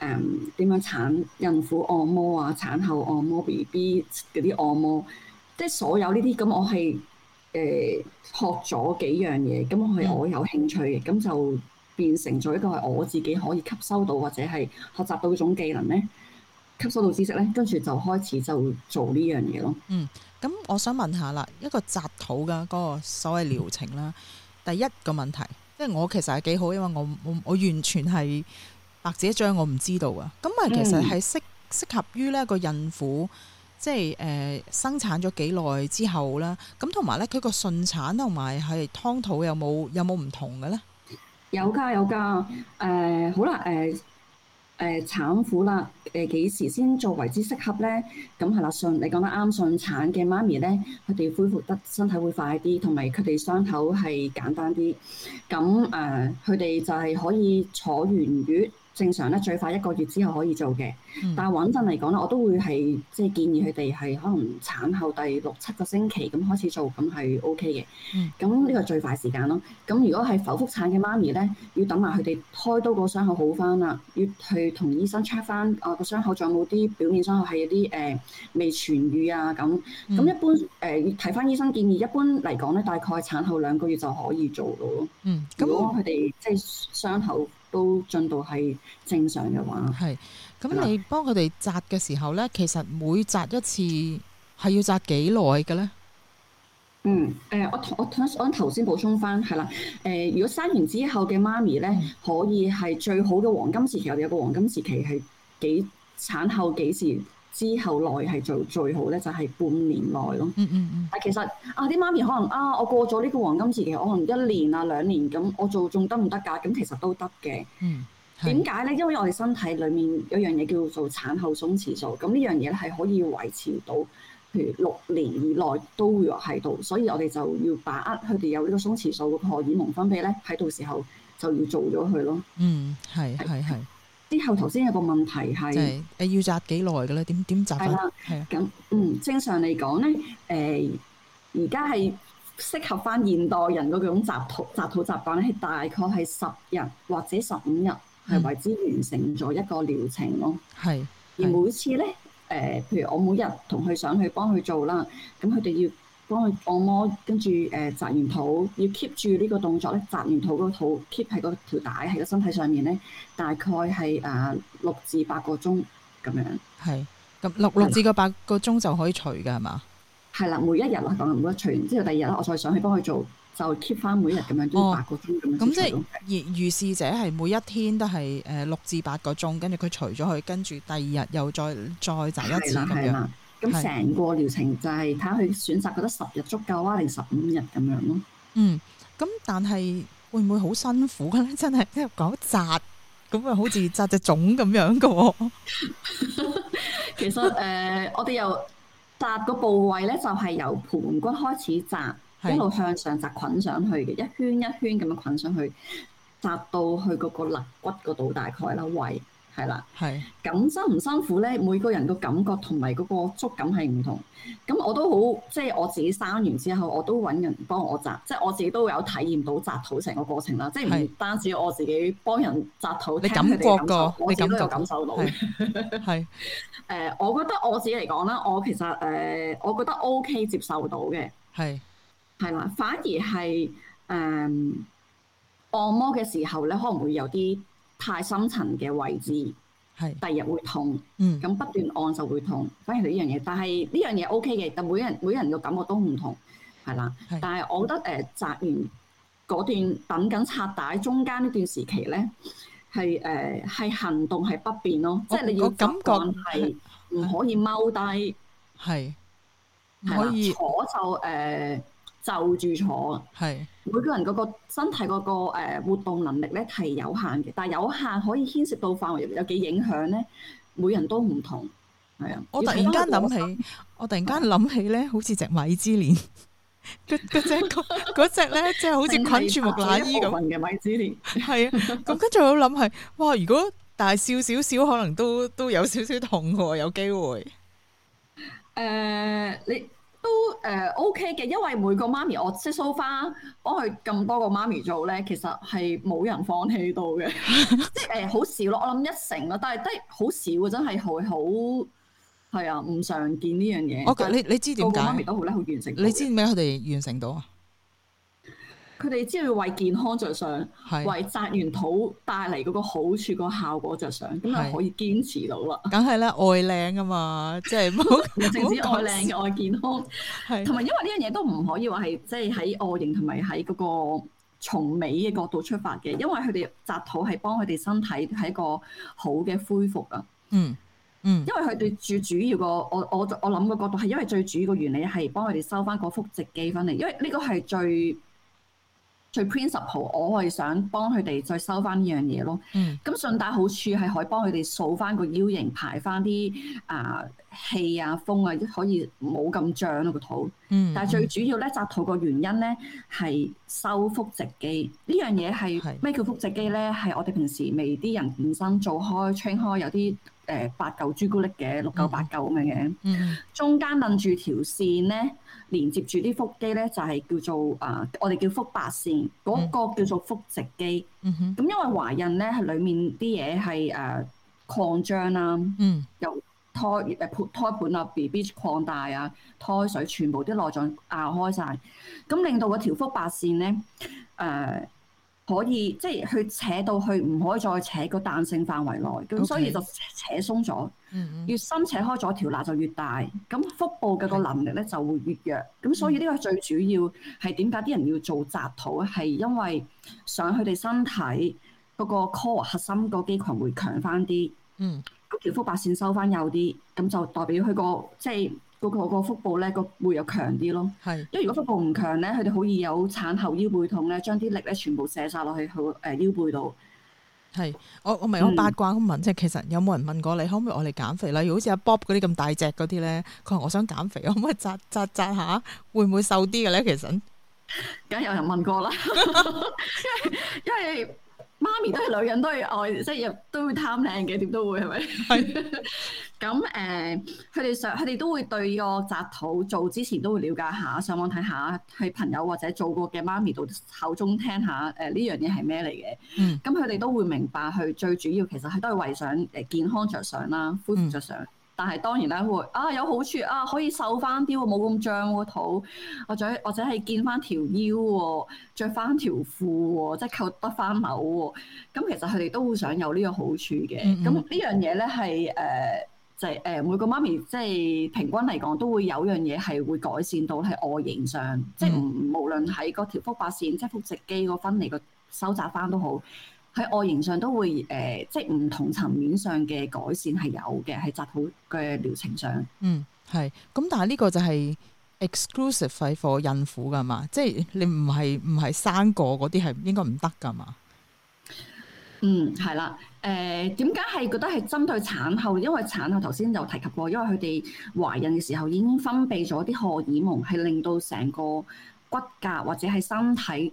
點、呃、樣產孕婦按摩啊，產後按摩 B B 嗰啲按摩，即係所有呢啲咁，我係誒、呃、學咗幾樣嘢，咁我係我有興趣嘅。咁就變成咗一個係我自己可以吸收到或者係學習到嘅一種技能咧。吸收到知識咧，跟住就開始就做呢樣嘢咯。嗯，咁我想問下啦，一個紮肚嘅嗰個所謂療程啦，嗯、第一個問題，即、就、係、是、我其實係幾好，因為我我我完全係白紙一張，我唔知道啊。咁啊，其實係適、嗯、適合於呢個孕婦，即係誒生產咗幾耐之後啦。咁同埋咧，佢個順產同埋係劏肚有冇有冇唔同嘅咧？有㗎有㗎，誒、呃、好啦，誒、呃。呃誒產婦啦，誒幾、呃呃、時先作為之適合咧？咁係啦，順你講得啱，順產嘅媽咪咧，佢哋恢復得身體會快啲，同埋佢哋傷口係簡單啲。咁、嗯、誒，佢、呃、哋就係可以坐完月。正常咧，最快一個月之後可以做嘅。嗯、但係穩陣嚟講咧，我都會係即係建議佢哋係可能產後第六七個星期咁開始做，咁係 O K 嘅。咁呢、嗯、個最快時間咯。咁如果係剖腹產嘅媽咪咧，要等埋佢哋開刀個傷口好翻啦，要去同醫生 check 翻啊個傷口仲有冇啲表面傷口係一啲誒、呃、未痊癒啊咁。咁、嗯、一般誒睇翻醫生建議，一般嚟講咧，大概產後兩個月就可以做咯、嗯。嗯，咁如果佢哋即係傷口。都進度係正常嘅話，係咁你幫佢哋紮嘅時候咧，其實每紮一次係要扎幾耐嘅咧？嗯，誒、呃，我我我頭先補充翻係啦，誒、呃，如果生完之後嘅媽咪咧，嗯、可以係最好嘅黃金時期，有個黃金時期係幾產後幾時？之後內係做最好咧，就係半年內咯。嗯嗯嗯。但係、嗯、其實啊，啲媽咪可能啊，我過咗呢個黃金時期，我可能一年啊兩年咁，我做仲得唔得㗎？咁其實都得嘅。嗯。點解咧？因為我哋身體裡面有樣嘢叫做產後鬆弛素，咁呢樣嘢咧係可以維持到，譬如六年以內都會喺度，所以我哋就要把握佢哋有呢個鬆弛素個荷爾蒙分泌咧，喺到時候就要做咗佢咯。嗯，係係係。之後頭先有個問題係，誒要紮幾耐嘅咧？點點紮法？係啦，係啊了，咁的嗯，正常嚟講咧，誒而家係適合返現代人嗰種紮肚紮肚習慣咧，係大概係十日或者十五日係為之完成咗一個療程咯。係、嗯，而每次咧，誒的、呃、譬如我每日同佢上去幫佢做啦，咁佢哋要，幫佢按摩，跟住誒擸完肚，要 keep 住呢個動作咧，擸完肚嗰個肚 keep 喺個條帶喺個身體上面咧，大概係誒六至八個鐘咁樣。係，咁六六至八個鐘就可以除嘅係嘛？係啦的，每一日我講緊，我除完之後，第二日我再上去幫佢做，就 keep 翻每日咁樣，哦、即八個鐘咁樣。咁即係如如是者係每一天都係誒六至八個鐘，跟住佢除咗佢，跟住第二日又再再擸一次咁樣。的咁成個療程就係睇下佢選擇覺得十日足夠啊，定十五日咁樣咯。嗯，咁但係會唔會好辛苦嘅咧？真係 一日講紮，咁啊好似紮隻粽咁樣嘅。其實誒、呃，我哋由紮個部位咧，就係、是、由盆骨開始紮， 一路向上紮捆上去嘅，一圈一圈咁樣捆上去，扎到去嗰個肋骨嗰度大概啦位。係啦，係咁辛唔辛苦咧？每個人個感覺同埋嗰個觸感係唔同。咁我都好，即係我自己生完之後，我都揾人幫我紮。即係我自己都有體驗到紮肚成個過程啦。即係唔單止我自己幫人紮肚，你感覺過，感你感覺有感受到嘅。係，誒，我覺得我自己嚟講咧，我其實誒，我覺得 OK 接受到嘅。係，係啦，反而係誒按摩嘅時候咧，可能會有啲。太深層嘅位置，係第日會痛，咁、嗯、不斷按就會痛，反而係呢樣嘢。但係呢樣嘢 O K 嘅，但每人每個人嘅感覺都唔同，係啦。是但係我覺得誒，紮、呃、完嗰段等緊拆帶中間呢段時期咧，係誒係行動係不便咯，我即係你要感覺係唔可以踎低，係，唔可以坐就誒。呃就住坐，係每個人嗰個身體嗰個誒活動能力咧係有限嘅，但係有限可以牽涉到範圍有幾影響咧，每人都唔同，係啊。我突然間諗起，我突然間諗起咧，好似隻米芝蓮，嗰嗰隻隻咧，即係好似捆住木乃伊咁嘅米芝蓮。係啊，咁跟住我諗係，哇！如果大少少少，可能都都有少少痛嘅，有機會。誒，你。都誒、呃、OK 嘅，因為每個媽咪我即係收翻幫佢咁多個媽咪做咧，其實係冇人放棄到嘅， 即係誒好少咯。我諗一成咯，但係都係好少嘅，真係好，好係啊，唔常見呢樣嘢。我、okay，你你知點解個個媽咪都好叻，好完成？你知唔知佢哋完成到啊？佢哋只要為健康着想，的為紮完肚帶嚟嗰個好處、個效果着想，咁啊的可以堅持到啦。梗係啦，愛靚噶嘛， 即係唔好唔淨止愛靚嘅愛健康，係同埋因為呢樣嘢都唔可以話係即係喺外形同埋喺嗰個從美嘅角度出發嘅，因為佢哋紮肚係幫佢哋身體係一個好嘅恢復啊、嗯。嗯嗯，因為佢哋最主要個我我我諗嘅角度係因為最主要個原理係幫佢哋收翻個腹直肌翻嚟，因為呢個係最。最 principle，我係想幫佢哋再收翻呢樣嘢咯。咁、嗯、順帶好處係可以幫佢哋掃翻個腰型，排翻啲啊氣啊風啊，可以冇咁脹咯個肚。嗯、但係最主要咧，紮肚個原因咧係收腹直肌。樣呢樣嘢係咩叫腹直肌咧？係是我哋平時未啲人本身做開 train 開有啲。誒、呃、八嚿朱古力嘅六嚿八嚿咁樣嘅，嗯嗯、中間攬住條線咧，連接住啲腹肌咧，就係、是、叫做啊、呃，我哋叫腹白線，嗰、那個叫做腹直肌。咁、嗯嗯、因為懷孕咧，係裡面啲嘢係誒擴張啦、啊，又、嗯、胎誒盤、呃、胎盤啊，B B 擴大啊，胎水全部啲內臟拗開晒。咁令到個條腹白線咧誒。呃可以即係去扯到去，唔可以再扯個彈性範圍內咁，Okay. 所以就扯鬆咗。嗯、mm，hmm。越深扯開咗，條罅就越大。咁腹部嘅個能力咧就會越弱。咁、mm hmm。所以呢個最主要係點解啲人要做紮肚咧？係因為想佢哋身體嗰個 core 核心個肌群會強翻啲。嗯、mm，咁、hmm。條腹白線收翻幼啲，咁就代表佢個即係。就是個個個腹部咧，個背又強啲咯。係是，因為如果腹部唔強咧，佢哋好易有產後腰背痛咧，將啲力咧全部射晒落去佢誒腰背度。係，我我咪我八卦咁問啫，嗯、其實有冇人問過你可唔可以嚟減肥咧？如果好似阿 Bob 嗰啲咁大隻嗰啲咧，佢話我想減肥，可唔可以扎扎扎下？會唔會瘦啲嘅咧？其實梗有人問過啦，因為 因為。媽咪都係女人，都係愛，即係又都會貪靚嘅，點都會係咪？係。咁誒是，佢哋上佢哋都會對個紮肚做之前都會了解下，上網睇下，喺朋友或者做過嘅媽咪度口中聽下誒呢樣嘢係咩嚟嘅。呃、嗯。咁佢哋都會明白，佢最主要其實係都係為想誒健康着想啦，恢復着想。但係當然啦，會啊有好處啊，可以瘦翻啲喎，冇咁脹個肚，或者或者係見翻條腰喎，著翻條褲喎，即係扣得翻紐喎。咁其實佢哋都會想有呢個好處嘅。咁呢、mm hmm. 樣嘢咧係誒就係、是、誒、呃、每個媽咪即係、就是、平均嚟講都會有樣嘢係會改善到喺外形上，mm hmm. 即係唔無論喺個條腹白線、即係腹直肌個分離個收窄翻都好，喺外形上都會誒、呃，即係唔同層面上嘅改善係有嘅，係紮肚嘅療程上。嗯，係。咁但係呢個就係 exclusive 肺貨孕婦㗎嘛，即係你唔係唔係生過嗰啲係應該唔得㗎嘛。嗯，係啦。誒、呃，點解係覺得係針對產後？因為產後頭先有提及過，因為佢哋懷孕嘅時候已經分泌咗啲荷爾蒙，係令到成個骨骼或者係身體。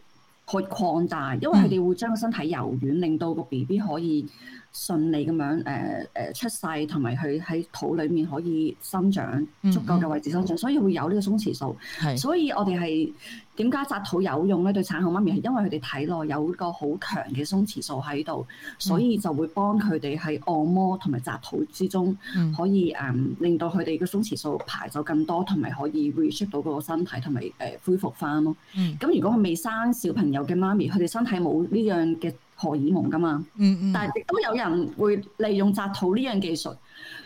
去擴大，因為佢哋會將個身體柔軟，嗯、令到個 BB 可以，順利咁樣誒誒出世，同埋佢喺肚裏面可以生長足夠嘅位置生長，所以會有呢個鬆弛素。是所以我哋係點解紮肚有用咧？對產後媽咪係因為佢哋體內有個好強嘅鬆弛素喺度，所以就會幫佢哋喺按摩同埋紮肚之中，可以誒令到佢哋嘅鬆弛素排走更多，同埋可以 reshape 到個身體同埋誒恢復翻咯。咁、嗯、如果佢未生小朋友嘅媽咪，佢哋身體冇呢樣嘅。荷爾蒙噶嘛。嗯嗯，但係亦都有人會利用紮肚呢樣技術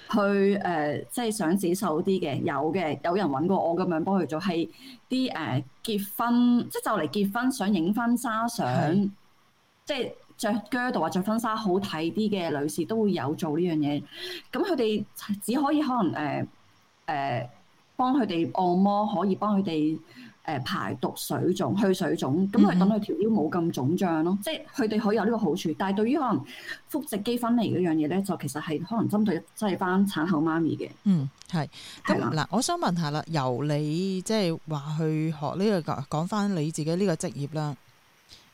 去誒、呃，即係想整瘦啲嘅，有嘅有人揾過我咁樣幫佢做，係啲誒結婚，即係就嚟結婚想影婚紗相，嗯、即着著腳度或者著婚紗好睇啲嘅女士都會有做呢樣嘢，咁佢哋只可以可能誒誒、呃呃、幫佢哋按摩，可以幫佢哋。誒排毒水腫、去水腫，咁佢等佢條腰冇咁腫脹咯。嗯、即係佢哋可以有呢個好處，但係對於可能腹直肌分離嗰樣嘢咧，就其實係可能針對即係翻產後媽咪嘅。嗯，係。咁嗱、嗯呃，我想問下啦，由你即係話去學呢、呢個講講翻你自己呢個職業啦。誒、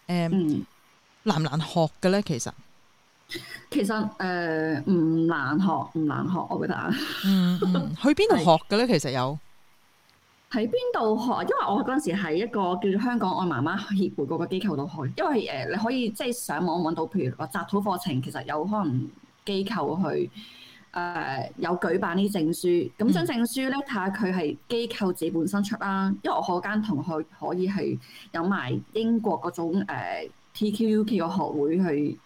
嗯，嗯、難唔難學嘅咧？其實其實誒，唔、呃、難學，唔難學，我覺得。 嗯，嗯，去邊度學嘅咧？其實有。喺邊度學？因為我嗰陣時喺一個叫做香港愛媽媽協會嗰個機構度學，因為誒、呃、你可以即係上網揾到，譬如話紮肚課程，其實有可能機構去誒、呃、有舉辦呢啲證書。咁張證書咧，睇下佢係機構自己本身出啦、啊，因為我學嗰間同學可以係有埋英國嗰種、呃、TQUK 個學會去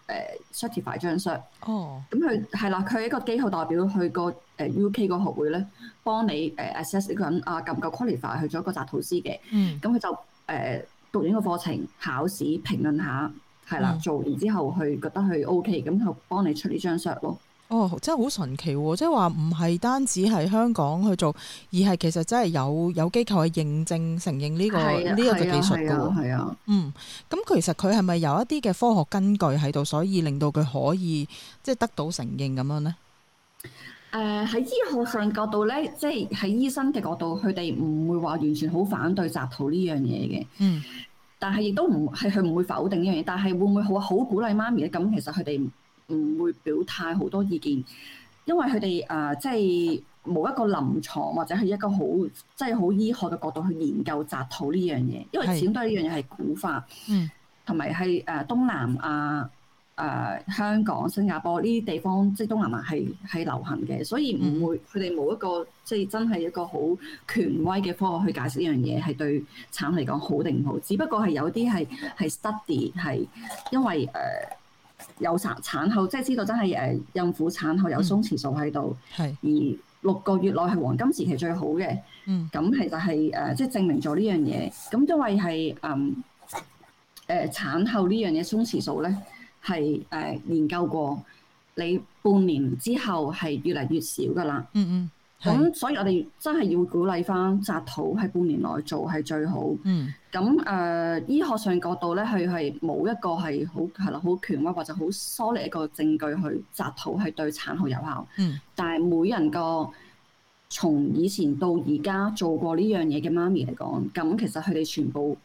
誒 certify 張 cert 哦，咁佢係啦，佢係一個機構代表去、嗰個。誒 U.K 個學會咧，幫你誒 assess 呢個人啊，夠唔夠 qualify 去咗一個紮肚師嘅，咁佢、嗯、就誒、呃、讀完個課程、考試評論下，係啦，嗯、做完之後去覺得佢 O.K.，咁就幫你出呢張相 h 咯。哦，真係好神奇，哦，即係話唔係單止係香港去做，而係其實真係有有機構去認證、承認呢、呢個呢一、啊、個技術嘅喎。啊，啊啊嗯，咁其實佢係咪有一啲嘅科學根據喺度，所以令到佢可以即係得到承認咁樣咧？誒喺、uh, 醫學上角度咧，即係喺醫生嘅角度，佢哋唔會話完全好反對紮肚呢樣嘢嘅。嗯。但係亦都唔係佢唔會否定呢樣嘢，但係會唔會好好鼓勵媽咪咧？咁其實佢哋唔會表態好多意見，因為佢哋啊，即係冇一個臨床，或者係一個好即係好醫學嘅角度去研究紮肚呢樣嘢，因為始終都係呢樣嘢係古法。嗯。同埋係誒東南亞。誒、呃、香港、新加坡呢啲地方，即係東南亞係係流行嘅，所以唔會佢哋冇一個即係真係一個好權威嘅科學去解釋呢樣嘢係對產嚟講好定唔好。只不過係有啲係係 study 係因為誒、呃、有產產後即係知道真係誒、呃、孕婦產後有鬆弛素喺度，係、嗯、而六個月內係黃金時期最好嘅。嗯，咁其實係誒即係證明咗呢樣嘢。咁因為係嗯誒產後鬆呢樣嘢鬆弛素咧。係誒、呃、研究過，你半年之後係越嚟越少噶啦、嗯。嗯嗯，咁所以我哋真係要鼓勵翻紮肚喺半年內做係最好。嗯。咁誒、呃、醫學上角度咧，佢係冇一個係好係啦，好權威或者好 solid 一個證據去紮肚係對產後有效。嗯。但係每人個從以前到而家做過呢樣嘢嘅媽咪嚟講，咁其實佢哋全部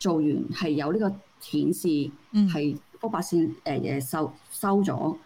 做完係有呢個顯示係、嗯。腹白線誒誒、呃、收收咗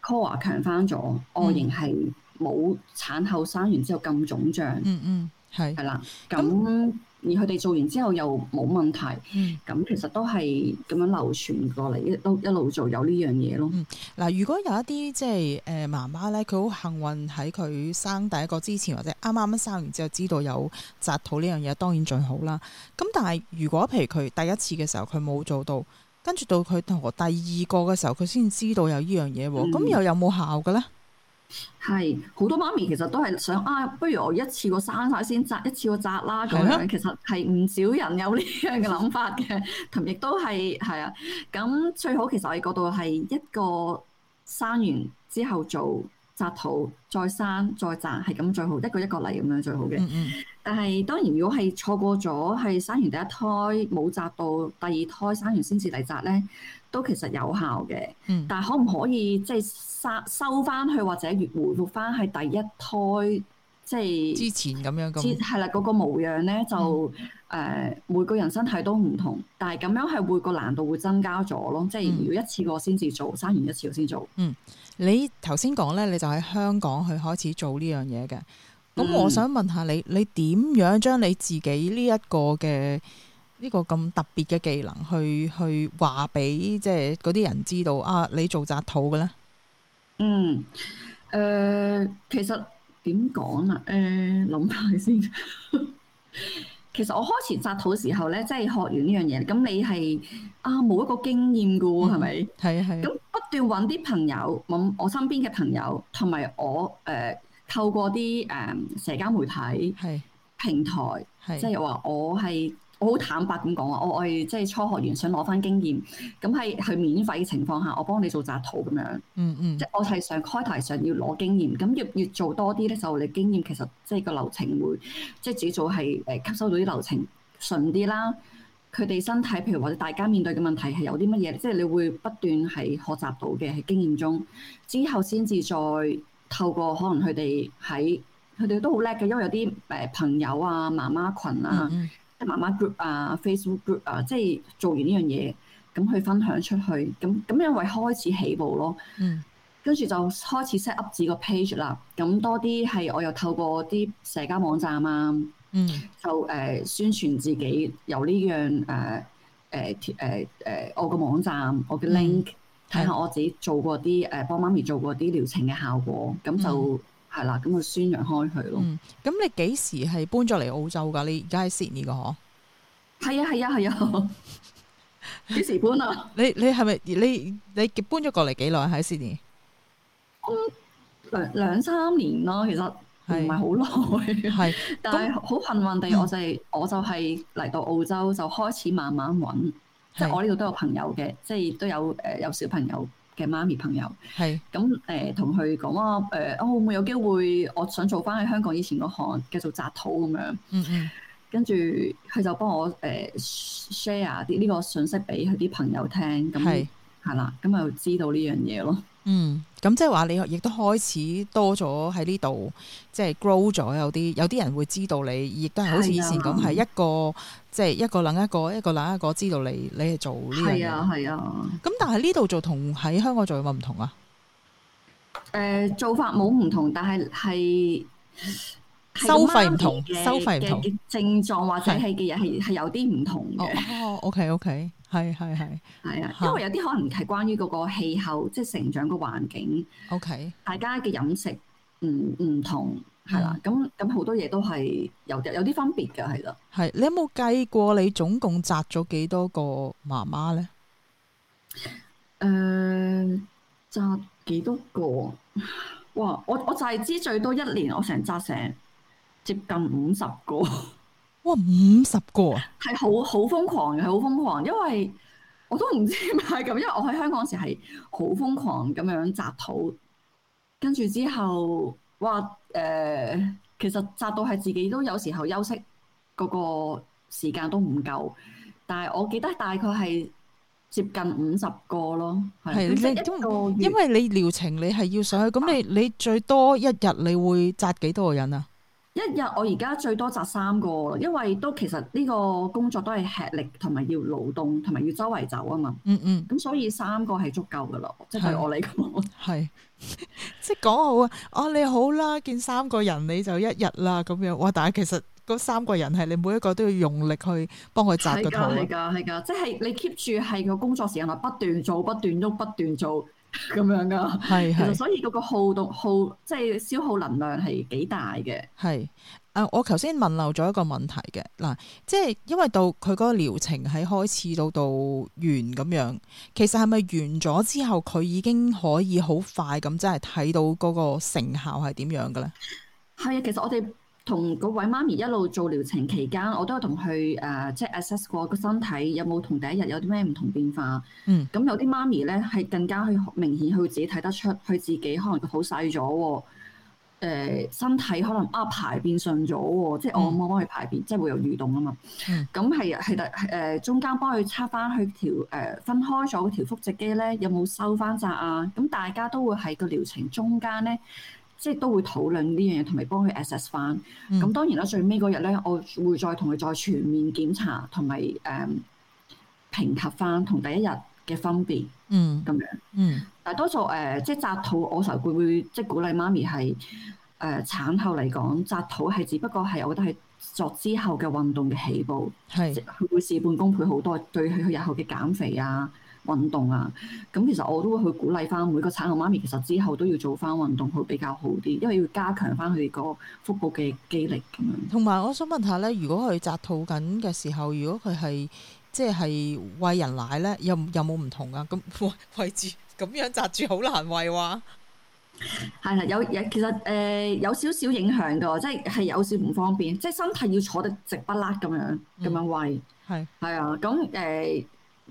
core 強強返咗，嗯、外形係冇產後生完之後咁腫脹，嗯嗯，係係啦，咁而佢哋做完之後又冇問題，咁、嗯、其實都係咁樣流傳過嚟，一都一路做有呢樣嘢咯。嗱、嗯，如果有一啲即係誒、呃、媽媽咧，佢好幸運喺佢生第一個之前或者啱啱生完之後知道有紮肚呢樣嘢，當然最好啦。咁但係如果譬如佢第一次嘅時候佢冇做到。跟住到佢同我第二個嘅時候，佢先知道有呢樣嘢喎。咁、嗯、又有冇效嘅咧？係好多媽咪其實都係想啊，不如我一次過生曬先，扎一次過紮啦咁樣。的其實係唔少人有呢樣嘅諗法嘅，同亦都係係啊。咁最好其實我哋嗰度係一個生完之後做。紮肚，再生再紮係咁最好，一個一個嚟咁樣最好嘅。嗯嗯，但係當然，如果係錯過咗係生完第一胎冇紮到第二胎，生完先至嚟紮咧，都其實有效嘅。嗯、但係可唔可以即係收收翻去或者回復翻係第一胎？即係之前咁樣，係啦、嗯，嗰、嗰個模樣咧就誒、嗯呃，每個人身體都唔同，但係咁樣係會個難度會增加咗咯。嗯、即係要一次過先至做，生完一次先做。嗯，你頭先講咧，你就喺香港去開始做呢樣嘢嘅。咁我想問下你，嗯、你點樣將你自己呢一個嘅呢、呢個咁特別嘅技能去去話俾即係嗰啲人知道啊？你做紮肚嘅咧？嗯，誒、呃，其實。點講啊？誒，諗、呃、下先。 其實我開始紮肚嘅時候咧，即係學完呢樣嘢，咁你係啊冇一個經驗嘅喎，係咪、嗯？係係吧。咁不斷揾啲朋友，揾我身邊嘅朋友，同埋我誒、呃、透過啲誒、呃、社交媒體平台，即係話我係。我好坦白咁講啊，我我係即係初學員，想攞翻經驗，咁係係免費嘅情況下，我幫你做紮肚咁樣，嗯嗯、mm，即、hmm. 係我係想開頭係想要攞經驗，咁越越做多啲咧，就你經驗其實即係個流程會即係自己做係誒吸收到啲流程順啲啦。佢哋身體，譬如話，大家面對嘅問題係有啲乜嘢，即係你會不斷係學習到嘅，係經驗中之後先至再透過可能佢哋喺佢哋都好叻嘅，因為有啲誒朋友啊、媽媽群啊。Mm hmm. 即係媽媽 group 啊，Facebook group 啊，即係做完呢樣嘢，咁去分享出去，咁咁因為開始起步咯，嗯，跟住就開始 set up 自己個 page 啦，咁多啲係我又透過啲社交網站啊，嗯呃這個呃、啊，嗯、呃，就誒宣傳自己，由呢樣誒誒誒誒我個網站，我嘅 link，睇下我自己做過啲誒幫媽咪做過啲療程嘅效果，咁就。嗯係啦，咁佢宣揚開佢咯。咁你幾時係搬咗嚟澳洲噶？你而家喺 Sydney 噶嗬？係啊，係啊，係啊。幾 時搬啊？ 你是是你係咪你你搬咗過嚟幾耐喺 Sydney？兩兩、嗯、三年咯，其實唔係好耐。係是， 但係好幸運地，嗯、我就係我就係嚟到澳洲，就開始慢慢搵。是即係我呢度都有朋友嘅，即係都有誒有小朋友。嘅媽咪朋友係咁誒，同佢講啊，誒，我會唔會有機會？我想做翻喺香港以前嗰行，繼續紮肚咁樣。嗯嗯，嗯跟住佢就幫我誒、呃、share 啲呢個信息俾佢啲朋友聽。係係啦，咁又是、嗯嗯嗯、知道呢樣嘢咯。嗯，咁即係話你亦都開始多咗喺呢度，即係 grow 咗有啲，有啲人會知道你，亦都係好似以前咁，係是、啊、一個即係、就是、一個冷一個，一個冷一,一,一個知道你，你係做呢樣嘢，係啊，是啊，係啊。咁但係呢度做同喺香港做有冇唔同啊？誒、呃，做法冇唔同，但係係收費唔同，收費唔同，症狀或者係嘅嘢係係有啲唔同嘅。哦，OK，OK。Okay, okay. 係係係係啊，因為有啲可能係關於嗰個氣候，即係成長個環境。OK，大家嘅飲食唔唔同，係啦，咁咁好多嘢都係有有啲分別嘅，係咯。係你有冇計過你總共扎咗幾多個媽媽咧？誒、呃，扎幾多個？哇！我我就係知最多一年我成扎成接近五十個。哇！五十，哦、個啊，係好好瘋狂嘅，係好瘋狂，因為我都唔知點係咁，因為我喺香港時係好瘋狂咁樣扎肚，跟住之後，哇！誒、呃，其實扎到係自己都有時候休息嗰個時間都唔夠，但係我記得大概係接近五十個咯，係你，因為你療程你係要上去，咁、啊、你你最多一日你會扎幾多個人啊？一日我而家最多紮三個，因為都其實呢個工作都係吃力同埋要勞動同埋要周圍走啊嘛。嗯嗯。咁所以三個係足夠噶啦，即係對我嚟講。係，即係講好啊！哦，你好啦，見三個人你就一日啦咁樣。哇！但係其實嗰三個人係你每一個都要用力去幫佢紮嘅，係㗎，係㗎，係㗎。即係你 keep 住係個工作時間內不斷做、不斷喐、不斷做。咁樣噶，係係，所以嗰個耗動耗即係消耗能量係幾大嘅。係，誒、呃，我頭先問漏咗一個問題嘅，嗱，即係因為到佢嗰個療程喺開始到到完咁樣，其實係咪完咗之後佢已經可以好快咁，即係睇到嗰個成效係點樣嘅咧？係啊，其實我哋。同嗰位媽咪一路做療程期間，我都有同佢，誒，即係 assess 過個身體有冇同第一日有啲咩唔同變化。嗯，咁有啲媽咪咧係更加去明顯，佢自己睇得出佢自己可能好細咗。誒、呃，身體可能啊排便順咗，即係按摩幫佢排便，嗯、即係會有蠕動啊嘛。咁係係得誒中間幫佢測翻佢條誒、呃、分開咗嗰條腹直肌咧，有冇收翻窄啊？咁大家都會喺個療程中間咧。即係都會討論呢樣嘢，同埋幫佢 assess 翻。咁、嗯、當然啦，最尾嗰日咧，我會再同佢再全面檢查，同埋誒評核翻同第一日嘅分別。嗯，咁樣嗯。嗯。但係多數誒、呃，即係紮肚，我成日會會即係鼓勵媽咪係誒產後嚟講，紮肚係只不過係我覺得係作之後嘅運動嘅起步。係是。佢會事半功倍好多，對佢佢日後嘅減肥啊。運動啊，咁其實我都會去鼓勵翻每個產後媽咪，其實之後都要做翻運動，會比較好啲，因為要加強翻佢哋個腹部嘅肌力咁樣。同埋，我想問下咧，如果佢紮肚緊嘅時候，如果佢係即係餵人奶咧，有有冇唔同餵餵啊？咁位位置咁樣紮住好難餵喎。係係有有，其實誒、呃、有少少影響㗎，即係係有少唔方便，即係身體要坐得直不甩咁樣，咁、嗯、樣餵，係係啊。咁誒。嗯嗯嗯嗯嗯嗯嗯嗯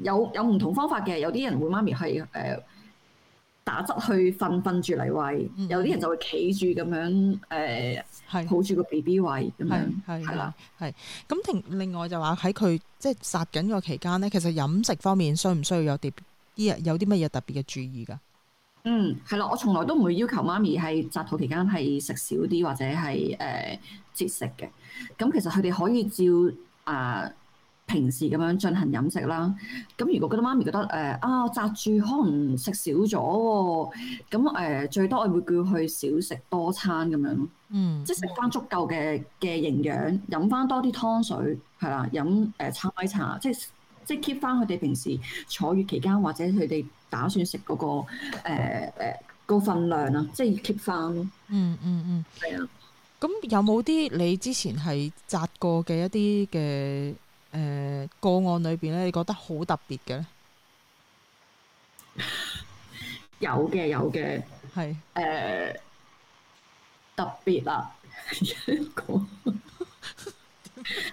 有有唔同方法嘅，有啲人會媽咪係誒打側去瞓瞓住嚟餵，嗯、有啲人就會企住咁樣誒，係抱住個 B B 餵咁樣，係、呃、係是啦，係咁另另外就話喺佢即係紮緊個期間咧，其實飲食方面需唔需要有啲啲啊，有啲乜嘢特別嘅注意噶？嗯，係啦，我從來都唔會要求媽咪係紮肚期間係食少啲或者係誒、呃、節食嘅。咁其實佢哋可以照、嗯、啊。平時咁樣進行飲食啦，咁如果覺得媽咪覺得誒、呃、啊，紮肚可能食少咗喎，咁、呃、誒最多我會叫佢少食多餐咁樣咯，嗯，即係食翻足夠嘅嘅營養，飲翻多啲湯水係啦，飲誒參米茶，即係即係 keep 翻佢哋平時坐月期間或者佢哋打算食嗰、那個誒誒個分量啊，即係 keep 翻咯，嗯嗯嗯，係啊的，咁有冇啲你之前係紮過嘅一啲嘅？誒、呃、個案裏邊咧，你覺得好特別嘅咧？有嘅，有嘅是，係誒、呃、特別啊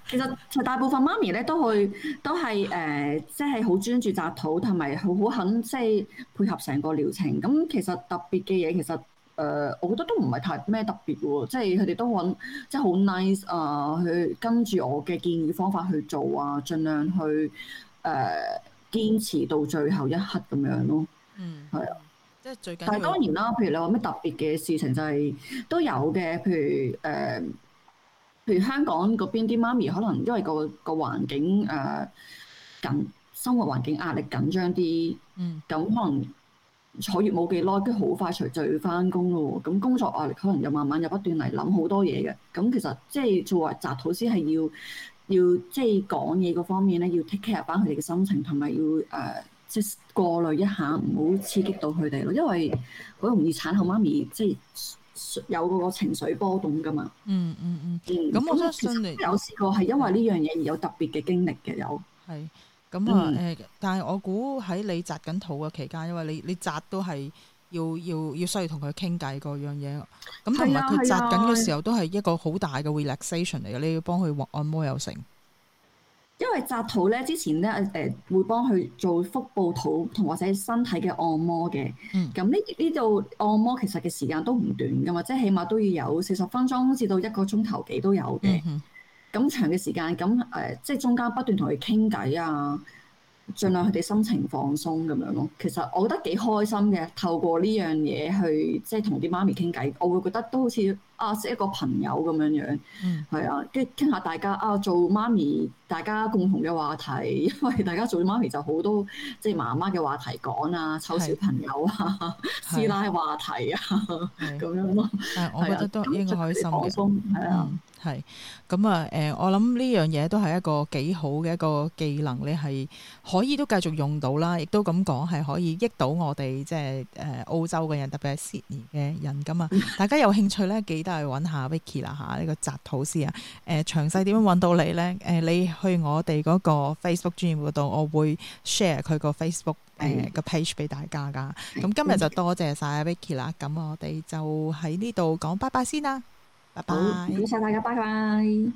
其實，大部分媽咪咧都去都係誒，即係好專注紮肚，同埋好好肯即係配合成個療程。咁其實特別嘅嘢，其實～誒，uh, 我覺得都唔係太咩特別喎，即係佢哋都揾即係好 nice 啊、uh，去跟住我嘅建議方法去做啊，uh, 盡量去誒、uh, 堅持到最後一刻咁樣咯。嗯，係啊的、嗯，即係最緊。但係當然啦，譬如你話咩特別嘅事情，就係，就係都有嘅。譬如誒，uh, 譬如香港嗰邊啲媽咪，可能因為、嗰個、嗰個環境誒、uh, 緊，生活環境壓力緊張啲。嗯。咁可能。坐月冇幾耐，跟住好快隨就要翻工咯喎。咁、嗯、工作壓力可能又慢慢又不斷嚟諗好多嘢嘅。咁、嗯、其實即係作為紮肚師，係要要即係講嘢嗰方面咧，要 take care 翻佢哋嘅心情，同埋要誒即係過濾一下，唔好刺激到佢哋咯。因為好容易產後媽咪即係有嗰個情緒波動噶嘛。嗯嗯嗯。嗯。咁我相信有試過係因為呢樣嘢而有特別嘅經歷嘅有。係、嗯。嗯咁啊，誒、嗯，但係我估喺你紮緊肚嘅期間，因為你你紮都係要要要需要同佢傾偈嗰樣嘢，咁同埋佢紮緊嘅時候都係一個好大嘅 relaxation 嚟嘅，你要幫佢按摩又成。因為紮肚咧，之前咧誒會幫佢做腹部肚同或者身體嘅按摩嘅，咁呢呢度按摩其實嘅時間都唔短噶，或者起碼都要有四十分鐘至到一個鐘頭幾都有嘅。嗯咁長嘅時間，咁誒、呃、即係中間不斷同佢傾偈啊，儘量佢哋心情放鬆咁樣咯。其實我覺得幾開心嘅，透過呢樣嘢去即係同啲媽咪傾偈，我會覺得都好似啊識一個朋友咁樣樣，係、嗯、啊，跟住傾下大家啊做媽咪，大家共同嘅話題，因為大家做咗媽咪就好多即係媽媽嘅話題講啊，湊小朋友是啊，是師奶嘅話題啊，咁是樣咯。是是我覺得都、嗯、應該開心嘅。係啊、嗯。嗯嗯係咁啊，誒、呃，我諗呢樣嘢都係一個幾好嘅一個技能，你係可以都繼續用到啦，亦都咁講係可以益到我哋即係誒澳洲嘅人，特別係 Sydney 嘅人咁啊。大家有興趣咧，記得去搵下 Vicky 啦吓，呢、這個紮肚師啊，誒、呃，詳細點樣搵到你咧？誒、呃，你去我哋嗰個 Facebook 專業嗰度，我會 share 佢個 Facebook 誒、嗯呃、個 page 俾大家噶。咁今日就多謝晒 Vicky 啦，咁我哋就喺呢度講拜拜先啦。Bye bye. 好，多謝，謝大家，拜拜。